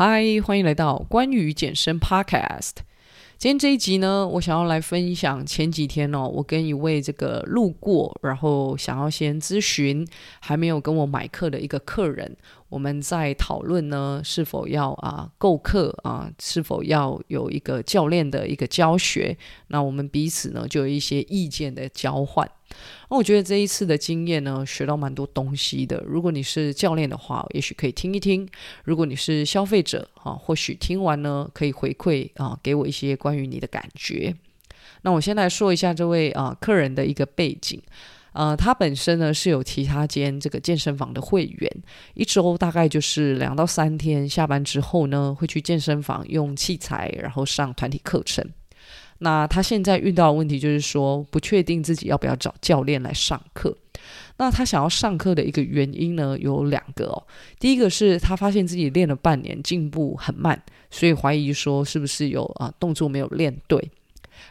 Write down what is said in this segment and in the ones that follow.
嗨，Hi, 歡迎來到關於健身 Podcast。今天這一集呢，我想要來分享前幾天哦，我跟一位這個路過，然後想要先諮詢，還沒有跟我買課的一個客人。我們在討論呢，是否要啊購課啊，是否要有一個教練的一個教學？那我們彼此呢就有一些意見的交換。那我覺得這一次的經驗呢，學到蠻多東西的。如果你是教練的話，也許可以聽一聽；如果你是消費者啊，或許聽完呢可以回饋啊，給我一些關於你的感覺。那我先來說一下這位啊客人的一個背景。呃，他本身呢是有其他間這個健身房的會員，一周大概就是兩到三天下班之後呢會去健身房用器材，然後上團體課程。那他現在遇到的問題就是說不確定自己要不要找教練來上課。那他想要上課的一個原因呢有兩個哦，第一個是他發現自己練了半年進步很慢，所以懷疑說是不是有啊，呃，動作沒有練對。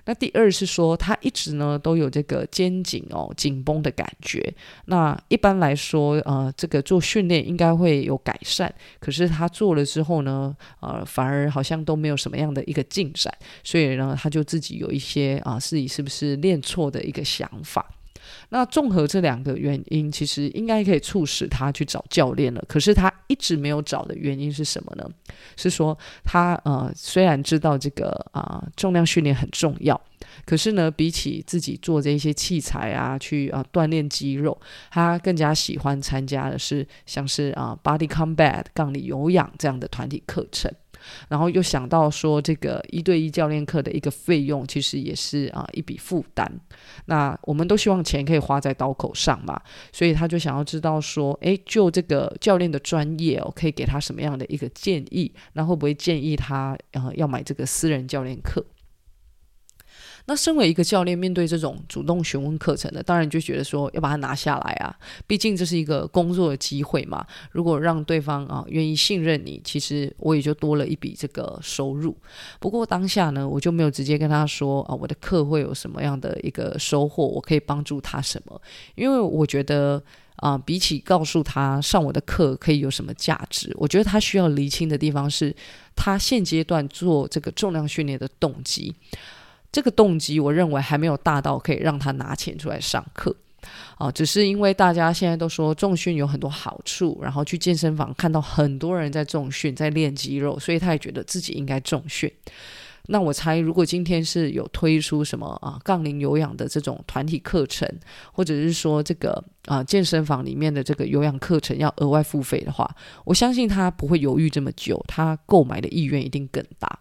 那第二是說，他一直呢都有這個肩頸哦緊繃的感覺。那一般來說，呃，這個做訓練應該會有改善。可是他做了之後呢，呃，反而好像都沒有什麼樣的一個進展。所以呢，他就自己有一些啊、呃，自己是不是練錯的一個想法。那綜合這兩個原因，其實應該可以促使他去找教練了。可是他一直沒有找的原因是什麼呢？是說他呃，雖然知道這個啊，呃，重量訓練很重要。可是呢，比起自己做這一些器材啊，去啊、呃、鍛鍊肌肉，他更加喜歡參加的是像是啊、呃、body combat、槓鈴有氧這樣的團體課程。然後又想到說，這個一對一教練課的一個費用，其實也是啊、呃、一筆負擔。那我們都希望錢可以花在刀口上嘛，所以他就想要知道說，誒，就這個教練的專業哦，可以給他什麼樣的一個建議？那會不會建議他呃要買這個私人教練課？那身為一個教練，面對這種主動詢問課程的，當然就覺得說要把它拿下來啊，畢竟這是一個工作的機會嘛。如果讓對方啊願意信任你，其實我也就多了一筆這個收入。不過當下呢，我就沒有直接跟他說啊，我的課會有什麼樣的一個收穫，我可以幫助他什麼？因為我覺得啊，比起告訴他上我的課可以有什麼價值，我覺得他需要釐清的地方是他現階段做這個重量訓練的動機。這個動機，我認為還沒有大到可以讓他拿錢出來上課啊。只是因為大家現在都說重訓有很多好處，然後去健身房看到很多人在重訓，在練肌肉，所以他也覺得自己應該重訓。那我猜，如果今天是有推出什麼啊槓鈴有氧的這種團體課程，或者是說這個啊健身房裡面的這個有氧課程要額外付費的話，我相信他不會猶豫這麼久，他購買的意願一定更大。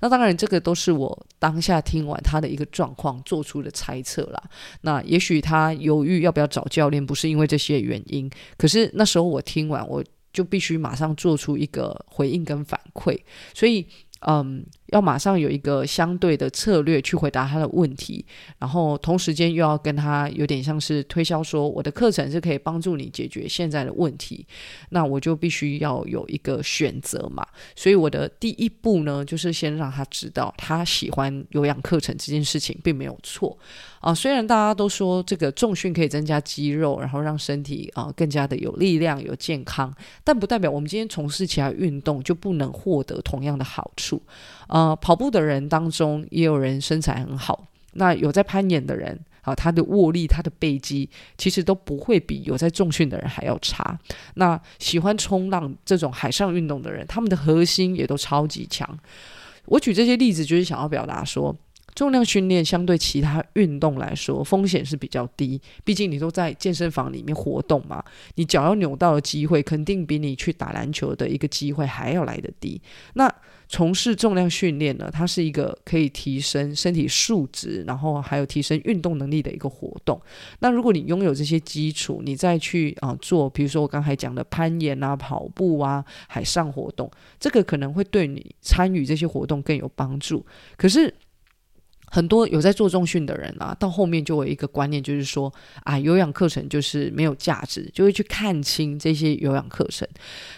那當然，這個都是我當下聽完他的一個狀況做出的猜測啦。那也許他猶豫要不要找教練，不是因為這些原因。可是那時候我聽完，我就必須馬上做出一個回應跟反饋。所以，嗯。要馬上有一個相對的策略去回答他的問題，然後同時間又要跟他有點像是推銷，說我的課程是可以幫助你解決現在的問題。那我就必須要有一個選擇嘛。所以我的第一步呢，就是先讓他知道，他喜歡有氧課程這件事情並沒有錯啊。雖然大家都說這個重訓可以增加肌肉，然後讓身體啊更加的有力量、有健康，但不代表我們今天從事其他運動就不能獲得同樣的好處。啊啊、呃，跑步的人當中也有人身材很好。那有在攀岩的人，好、啊，他的握力、他的背肌其實都不會比有在重訓的人還要差。那喜歡衝浪這種海上運動的人，他們的核心也都超級強。我舉這些例子就是想要表達說，重量訓練相對其他運動來說，風險是比較低。畢竟你都在健身房裡面活動嘛，你腳要扭到的機會肯定比你去打籃球的一個機會還要來得低。那。從事重量訓練呢，它是一個可以提升身體素質，然後還有提升運動能力的一個活動。那如果你擁有這些基礎，你再去啊、呃、做，比如說我剛才講的攀岩啊、跑步啊、海上活動，這個可能會對你參與這些活動更有幫助。可是。很多有在做重訓的人啊，到後面就有一個觀念，就是說啊，有氧課程就是沒有價值，就會去看清這些有氧課程。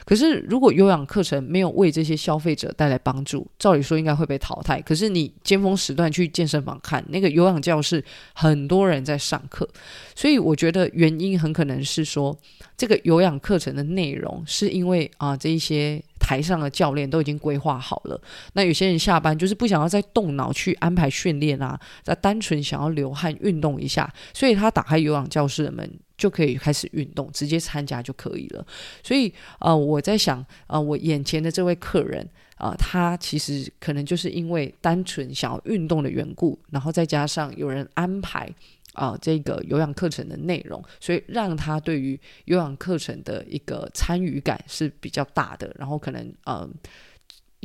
可是如果有氧課程沒有為這些消費者帶來幫助，照理說應該會被淘汰。可是你尖峰時段去健身房看那個有氧教室，很多人在上課，所以我覺得原因很可能是說，這個有氧課程的內容是因為啊，這一些。台上的教練都已經規劃好了，那有些人下班就是不想要再動腦去安排訓練啊，他單純想要流汗運動一下，所以他打開有氧教室的門就可以開始運動，直接參加就可以了。所以，呃，我在想，呃，我眼前的這位客人，啊、呃，他其實可能就是因為單純想要運動的緣故，然後再加上有人安排。啊、呃，這個有氧課程的內容，所以讓他對於有氧課程的一個參與感是比較大的，然後可能嗯。呃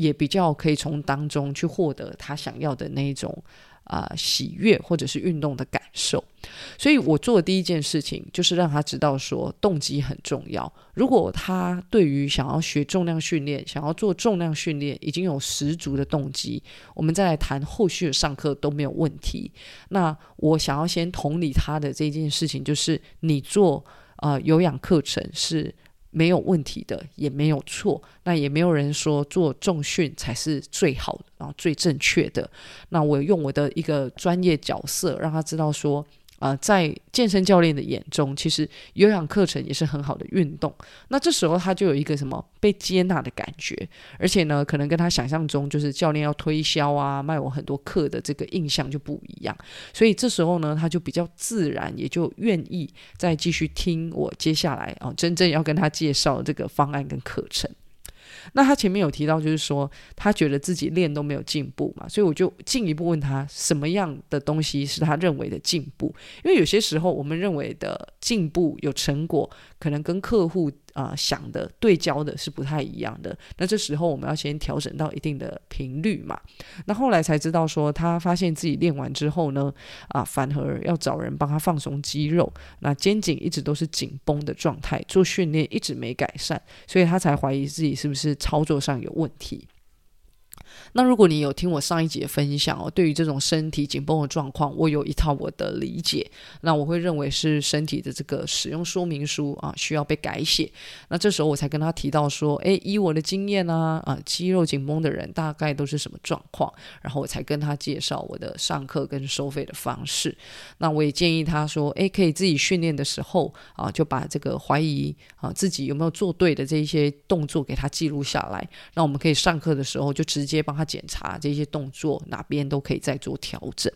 也比較可以從當中去獲得他想要的那一種啊、呃、喜悅或者是運動的感受，所以我做的第一件事情就是讓他知道說動機很重要。如果他對於想要學重量訓練、想要做重量訓練已經有十足的動機，我們再來談後續的上課都沒有問題。那我想要先同理他的這一件事情，就是你做啊、呃、有氧課程是。沒有問題的，也沒有錯，那也沒有人說做重訓才是最好的，然後最正確的。那我用我的一個專業角色，讓他知道說。啊、呃，在健身教練的眼中，其實有氧課程也是很好的運動。那這時候他就有一個什麼被接納的感覺，而且呢，可能跟他想象中就是教練要推銷啊、賣我很多課的這個印象就不一樣。所以這時候呢，他就比較自然，也就願意再繼續聽我接下來啊、呃、真正要跟他介紹這個方案跟課程。那他前面有提到，就是說他覺得自己練都沒有進步嘛，所以我就進一步問他什麼樣的東西是他認為的進步？因為有些時候我們認為的進步有成果，可能跟客戶啊、呃，想的對焦的是不太一樣的。那這時候我們要先調整到一定的頻率嘛。那後來才知道說，他發現自己練完之後呢，啊，反而要找人幫他放鬆肌肉，那肩頸一直都是緊繃的狀態，做訓練一直沒改善，所以他才懷疑自己是不是操作上有問題。那如果你有聽我上一集分享哦，對於這種身體緊繃的狀況，我有一套我的理解。那我會認為是身體的這個使用說明書啊，需要被改寫。那這時候我才跟他提到說，誒，以我的經驗呢，啊，啊，肌肉緊繃的人大概都是什麼狀況？然後我才跟他介紹我的上課跟收費的方式。那我也建議他說，誒，可以自己訓練的時候啊，就把這個懷疑啊，自己有沒有做對的這一些動作給他記錄下來。那我們可以上課的時候就直接幫他。檢查這些動作哪邊都可以再做調整。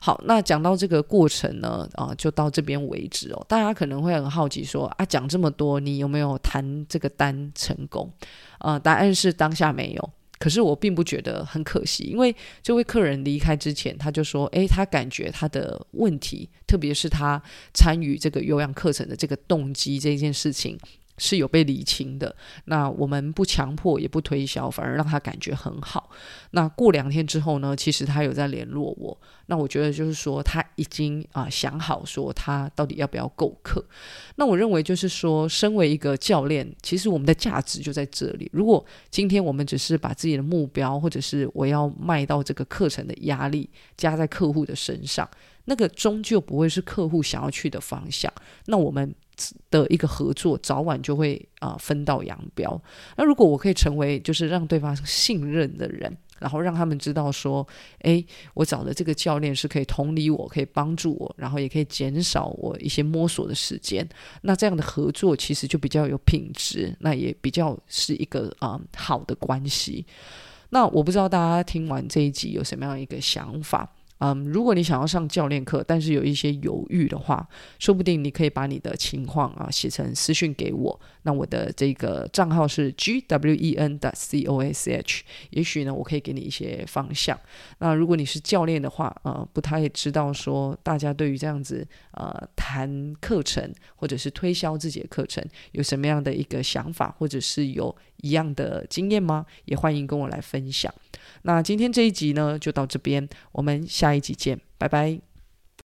好，那講到這個過程呢，啊、呃，就到這邊為止哦。大家可能會很好奇說，啊，講這麼多，你有沒有談這個單成功？啊、呃，答案是當下沒有。可是我並不覺得很可惜，因為這位客人離開之前，他就說，誒，他感覺他的問題，特別是他參與這個有氧課程的這個動機這件事情。是有被理清的。那我們不強迫，也不推銷，反而讓他感覺很好。那過兩天之後呢，其實他有在聯絡我。那我覺得就是說，他已經啊、呃、想好說他到底要不要購課。那我認為就是說，身為一個教練，其實我們的價值就在這裡。如果今天我們只是把自己的目標，或者是我要賣到這個課程的壓力加在客戶的身上，那個終究不會是客戶想要去的方向。那我們的一個合作，早晚就會啊、呃、分道揚鑣。那如果我可以成為就是讓對方信任的人，然後讓他們知道說，誒，我找的這個教練是可以同理我，可以幫助我，然後也可以減少我一些摸索的時間。那這樣的合作其實就比較有品質，那也比較是一個啊、呃、好的關係。那我不知道大家聽完這一集有什麼樣一個想法？嗯，如果你想要上教練課，但是有一些猶豫的話，說不定你可以把你的情況啊寫成私訊給我。那我的這個賬號是 gwen.coach，也許呢，我可以給你一些方向。那如果你是教練的話，啊、呃，不太知道說大家對於這樣子呃談課程或者是推銷自己的課程有什麼樣的一個想法，或者是有一樣的經驗嗎？也歡迎跟我來分享。那今天這一集呢，就到這邊，我們下。下一集見，拜拜。